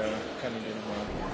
uh, coming in tomorrow.